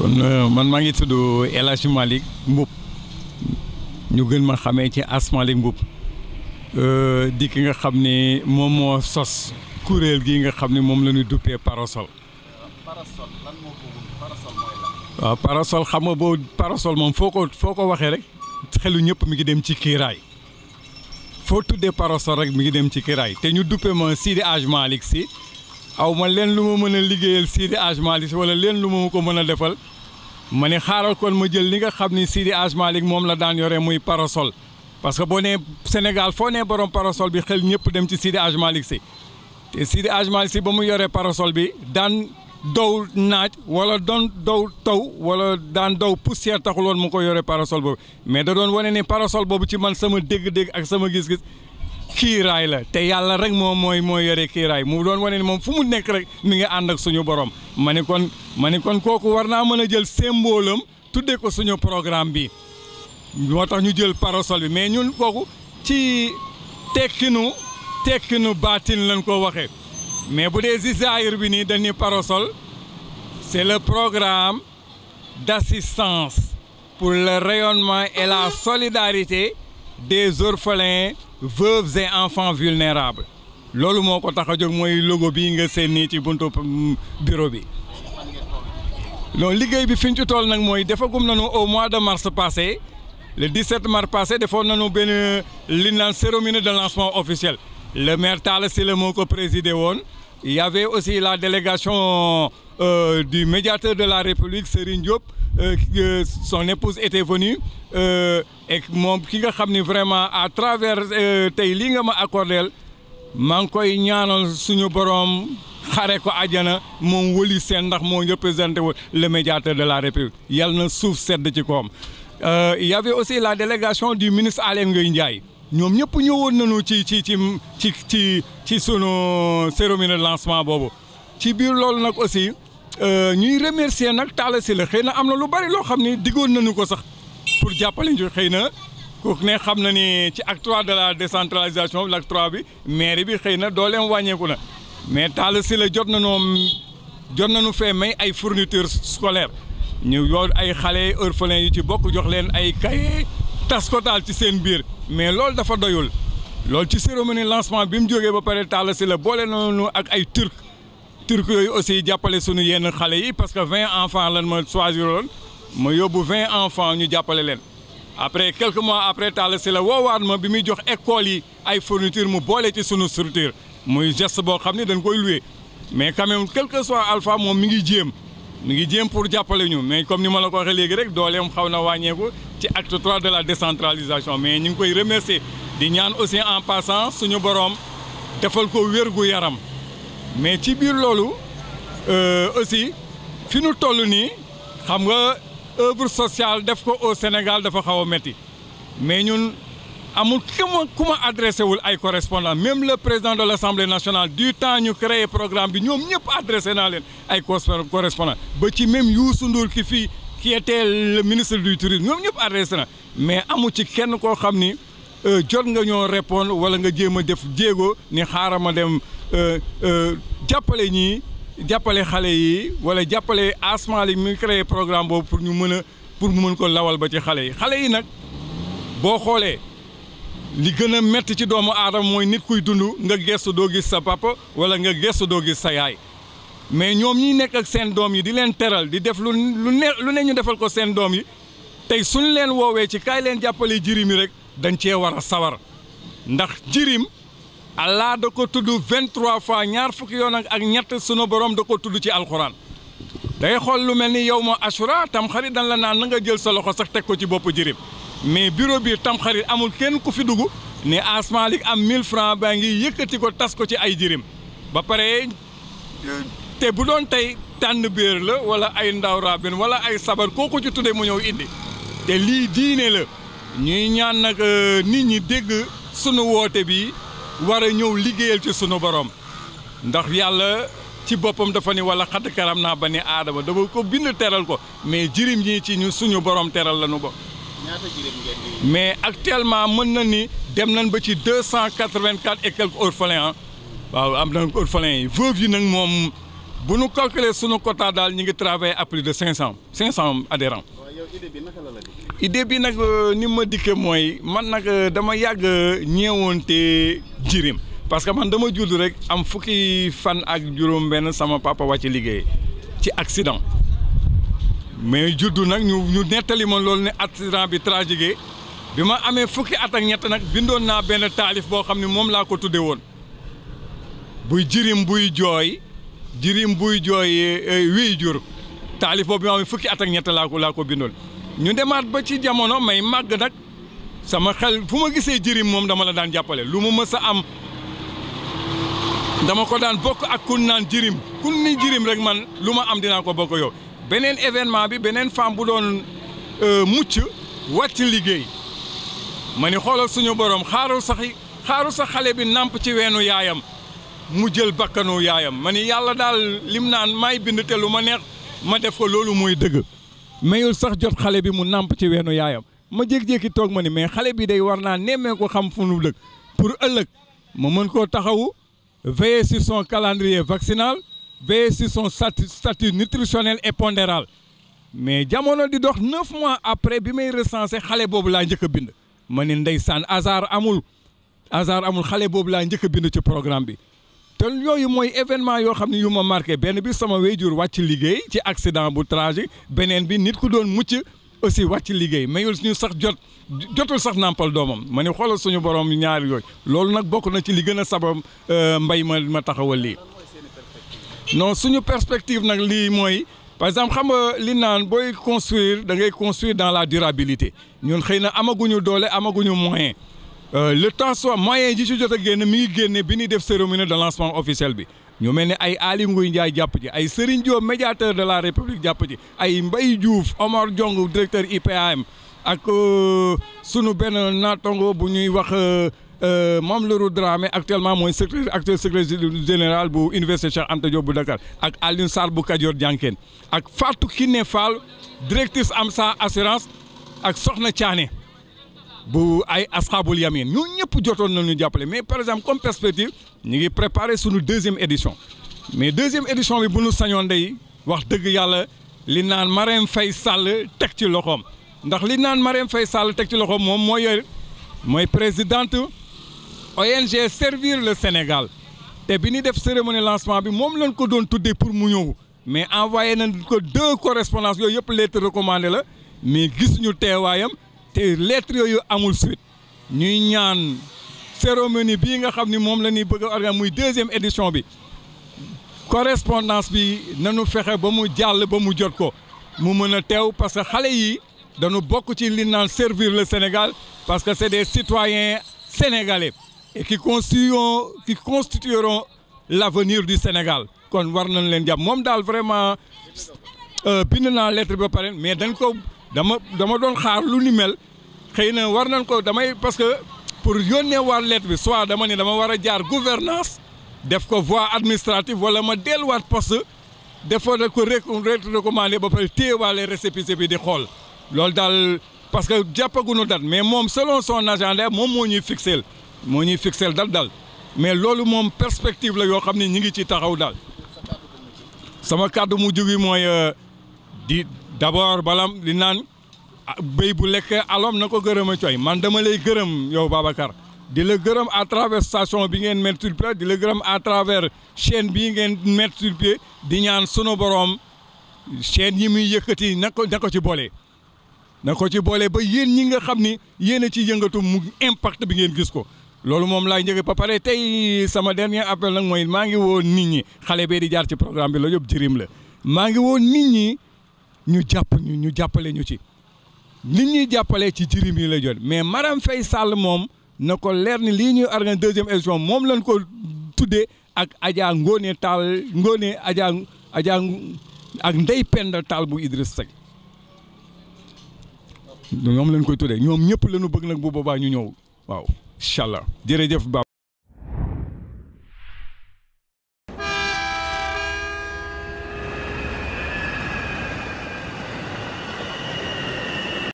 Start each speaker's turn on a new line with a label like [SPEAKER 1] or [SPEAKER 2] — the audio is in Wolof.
[SPEAKER 1] kon euh, man maa ngi tudd El Hadj Malick ñu gën ma xamee ci As Malick Mboup euh, di ki nga xam ni moom moo sos kuréel gi nga xam ni moom la ñu duppee parasol. parasol parasol xam nga boo parasol moom foo ko foo ko waxee rek xelu ñëpp mi ngi dem ci kiiraay foo tuddee parasol rek mi ngi dem ci kiiraay te ñu duppee ma Sidi Hadj Malick si. aw ma leen lu ma mën a liggéeyal Sidi Hadj Malick wala leen lu ma ko mën a defal ma ne xaaral kon ma jël li nga xam ni Sidi Hadj Malick moom la daan yore muy parasol parce que boo nee Sénégal foo nee borom parasol bi xel ñëpp dem ci Sidi Hadj si te Sidi Hadj si ba mu yoree parasol bi daan dow naaj wala doon dow taw wala daan dow poussière taxuloon mu ko yore parasol boobu mais da doon wane ne parasol boobu ci man sama dégg-dégg ak sama gis kiiraay la te yàlla rek moom mooy mooy yore kiiraay mu doon wane ni moom fu mu nekk rek mu ngi ànd ak suñu borom ma ni kon ma ni kon kooku war naa mën a jël symbole am tuddee ko suñu programme bi moo tax ñu jël parasol bi mais ñun kooku ci tekkinu tekkinu baatin lañ ko waxee mais bu dee si zaahir bi nii dañuy parasol c'est le programme d'assistance pour le rayonnement et la solidarité des orphelins veuves et enfants vulnérables loolu moo ko tax a jóg mooy logo bii nga seen nii ci buntu mm, bureau bi non liggéey bi fi ñu tool nag mooy defagum nañu au mois de mars passé le 17 mars passé defoon nañu benn li naan cérémonie de lancement officiel le maire Talla Sylla moo ko présidé woon yave aussi la délégation euh, du médiateur de la République, Serigne Diop, euh, euh, son épouse était venue euh, et moom ki nga xam ni vraiment à travers euh, tey lii nga ma accordeel maa ngi koy ñaanal suñu boroom xare ko àjjana moom wëli seen ndax moo représenté wu le médiateur de la République yal na suuf sedd ci koom il y aussi la délégation du ministre Aly ngay Ndiaye ñoom ñëpp ñëwoon nañu ci ci ci ci ci ci sunu cérémonie lancement boobu ci biir loolu nag aussi euh, ñuy remercier nag Talla Sylla xëy na am na lu bari loo xam ni diggoon nañu ko sax pour jàppale ñu xëy na ku ne xam na ni ci acte de la décentralisation l'acte trois bi mairie bi xëy na dooleem wàññeeku na mais Talla Sylla jot nañoo jot nañu fee may ay fournitures scolaires ñu yor ay xale orphelins yu ci bokk jox leen ay cahiers. tas ko taal ci seen biir mais loolu dafa doyul loolu ci si cérémonie lancement bi mu jógee ba pare si la boole noonu ak ay turc turc yooyu aussi jàppale suñu yenn xale yi parce que vingt enfants lan ma choisir loon ma yóbbu vingt enfants ñu jàppale leen après quelques mois après Talla Sylla woowaat ma bi muy jox école yi ay fourniture mu boole ci sunu structure muy geste boo xam ne dañ koy loué mais quand même quel que soit moom mi ngi jéem mu ngi jéem pour jàppale ñu mais comme ni ma la ko waxee léegi rek dooleem xaw na ci acte troit de la décentralisation mais ñu ngi koy remercier di ñaan aussi en passant suñu boroom defal ko wérgu yaram mais ci biir loolu euh, aussi fi nu toll nii xam nga œuvre sociale def ko au Sénégal dafa xaw a métti mais ñun amul ku ma ku ma adressé wul ay correspondant même le président de l' assemblée nationale du temps ñu créé programme bi ñoom ñëpp adressé naa leen ay correspondant ba ci même Youssou Ndour ki fii qui était le ministre du tourisme ñoom ñëpp adressé na mais amu ci kenn koo xam ni euh, jot nga ñoo répondre wala nga jéem a def jéego ni xaaral ma dem euh, euh, jàppale ñii jàppale xale yi wala jàppale asment li mu programme boobu pour ñu mën a pour mu mën ko lawal ba ci xale yi xale yi nag boo xoolee li gën a métti ci doomu aadama mooy nit kuy dund nga gestu doo gis sa papa wala nga gestu doo gis sa yaay mais ñoom ñi nekk ak seen doom yi di leen teral di def lu lu ne lu ne ñu defal ko seen doom yi tey suñu leen woowee ci kaay leen jàppale jirim yi rek dañ cee war a sawar ndax jirim Allah da ko tudd vingt fois ñaar fukki yoon ak ñett sunu borom da ko tudd ci alxuraan day xool lu mel ni yow moo asura tam xarit dañ la naan na nga jël sa loxo sax teg ko ci bopp jirim mais bureau bi tam xarit amul kenn ku fi dugg ne Asmalik am 1000 francs baa ngi yëkkati ko tas ko ci ay jirim ba pare. te bu doon tey tànn béer la wala ay ndaw rabin wala ay sabar kooku ci tuddee mu ñëw indi te lii diine la ñuy ñaan nag euh, nit ñi dégg sunu woote bi war a ñëw liggéeyal ci sunu borom ndax yàlla ci boppam dafa ni wala xadd karam naa ba ne aadama dafa ko bind teral ko mais jirim yi ci ñu suñu borom teral la ñu ba mais actuellement mën na ni dem nañ ba ci deux cent quatre-vingt-quatre et quelques am na orphelins yi veuve yi nag moom bu nu calculer sunu quota daal ñu ngi travailler à de cinq cent cinq cent adhérents. idée bi nag euh, ni ma dikkee mooy man nag euh, dama yàgg ñeewoonte jirim parce que man dama judd rek am fukki fan ak juróom-benn sama papa wàcc liggéey ci accident mais juddu nag ñu ñu nettali ma loolu ne accident bi tragique bi ma amee fukki at ak ñett nag bindoon naa benn taalif boo xam ne moom laa ko tuddee woon buy jirim buy jooy. jirim buy jooy eh, wii jur taalif boobu nga xam ne fukki at ak laa ko laa ko bindoon ñu demaat ba ci jamono may màgg nag sama xel fu ma gisee jirim moom dama la daan jàppale lu mu mësa am dama ko daan bokk ak kun naan jirim kun ni jirim rek man lu ma am dinaa ko bokk yow beneen événement bi beneen femme bu doon euh, mucc wat ci liggéey ma ni xoolal suñu borom xaarul sax xaarul sax xale bi nàmp ci weenu yaayam mu jël bakkanu yaayam ma ni yàlla daal lim naan may bind te lu ma neex ma def ko loolu mooy dëgg mayul sax jot xale bi mu nàmp ci weenu yaayam ma jékki-jékki toog ma ni mais xale bi dey war naa nemmee ko xam fu nu dëkk pour ëllëg ma mën koo taxawu veiller sur son calendrier vaccinal veiller sur son statut nutritionnel et pondéral mais jamono di dox neuf mois après bi may recensé xale boobu laa njëkk a bind ma ni ndey ndeysaan hasard amul hasard amul xale boobu laa njëkk a bind ci programme bi te yooyu mooy événement yoo xam ne yu ma marqué benn bi sama wéyjur wàcc liggéey ci accident bu tragique beneen bi nit ku doon mucc aussi wàcc liggéey mayul suñu sax jot jotul sax nàmpal doomam ma ne xoolal suñu borom ñaar yooyu loolu nag bokk na ci li gën a sabab euh, mbay ma ma taxawal lii non suñu perspective nag lii mooy par exemple xam nga li naan booy construire dangay ngay construire dans la durabilité ñun xëy na amaguñu doole amaguñu moyen Euh, le temps soit moyen ji ci jot a génn mi génne bi ñuy def cérémonie de lancement officiel bi ñu mel ni ay Aly Ngouille Ndiaye jàpp ci ay Serigne Diop médiateur de la République jàpp ci ay mbay Diouf Omar jong directeur IPAM ak euh, sunu benn naatango bu ñuy wax euh, Mamadou Dramé actuellement mooy secrétaire actuel secrétaire général bu université Cheikh Anta Diop bu Dakar ak Alioune Sarr bu Kajoor Jànkeen ak Fatou Kiné Fall directrice AMSA assurance ak Soxna Thiané. bu ay asxaabul yamin ñoo ñëpp jotoon nañu jàppale mais par exemple comme perspective ñu ngi préparer suñu deuxième édition mais deuxième édition bi bu ñu sañoon day wax dëgg yàlla li naan Marème fay sàll teg ci loxoom ndax li naan Marème fay sàll teg ci loxoom moom mooy mooy présidente ONG Servir le Sénégal te bi ñuy def cérémonie lancement bi moom lañ ko doon tuddee pour mu ñëw mais envoyé nañ ko deux correspondances yooyu yëpp lettre recommandée la mais gis ñu teewaayam. te lettre yooyu amul suite ñuy ñaan cérémonie bii nga xam ni moom la ñuy bëgg a muy deuxième édition bi correspondance bi nanu fexe ba mu jàll ba mu jot ko mu mën a teew parce que xale yi dañu bokk ci li naan servir le Sénégal parce que c'est des citoyens sénégalais et qui constitueront qui constitueront l'avenir du Sénégal kon war nañ leen jàpp moom daal vraiment euh, bind naa lettre ba pare mais dañ ko dama dama doon xaar lu ni mel xëy na war nañ ko damay parce que pour yónnee waa lettre bi soit dama ni dama war a jaar gouvernance def ko voie administrative wala ma delluwaat poste defoo da ko recommandé ba pare téyewaale récépissé bi di xool loolu daal parce que jàppaguñu date mais moom selon son agenda moom moo ñuy fixeel moo ñuy fixeel dal dal mais loolu moom perspective la yoo xam ne ñi ngi ci taxaw daal sama kàddu mu jógi mooy euh, di d'abord balam di naan ah, béy bu lekk alom na ko gërëm a cooy man dama lay gërëm yow Babacar di la gërëm à travers station bi ngeen mettre sur di la gërëm à travers chaîne bii ngeen mettre sur di ñaan sunu borom chaîne yi muy yëkkati na ko na ci boole. na ko ci boole ba yéen ñi nga xam ni yéen a ci yëngatu mu impact bi ngeen gis ko loolu moom laay njëkk ba pare tey sama dernier appel nag mooy maa ngi woo nit ñi xale bee di jaar ci programme bi la yëpp jërim la maa ngi woo nit ñi. ñu jàpp ñu ñu jàppale ñu ci nit ñuy jàppale ci jirim yi la jot mais Marème Faye Sall moom na ko leer ni li ñuy organise deuxième élection moom lañ ko tuddee ak Adja Ngone Tall Ngone Adja ak Ndey Penda Tall bu Idriss Seck ñoom lañ koy tuddee ñoom ñëpp lañu bëgg nag bu boobaa ñu ñëw waaw incha allah jërëjëf ba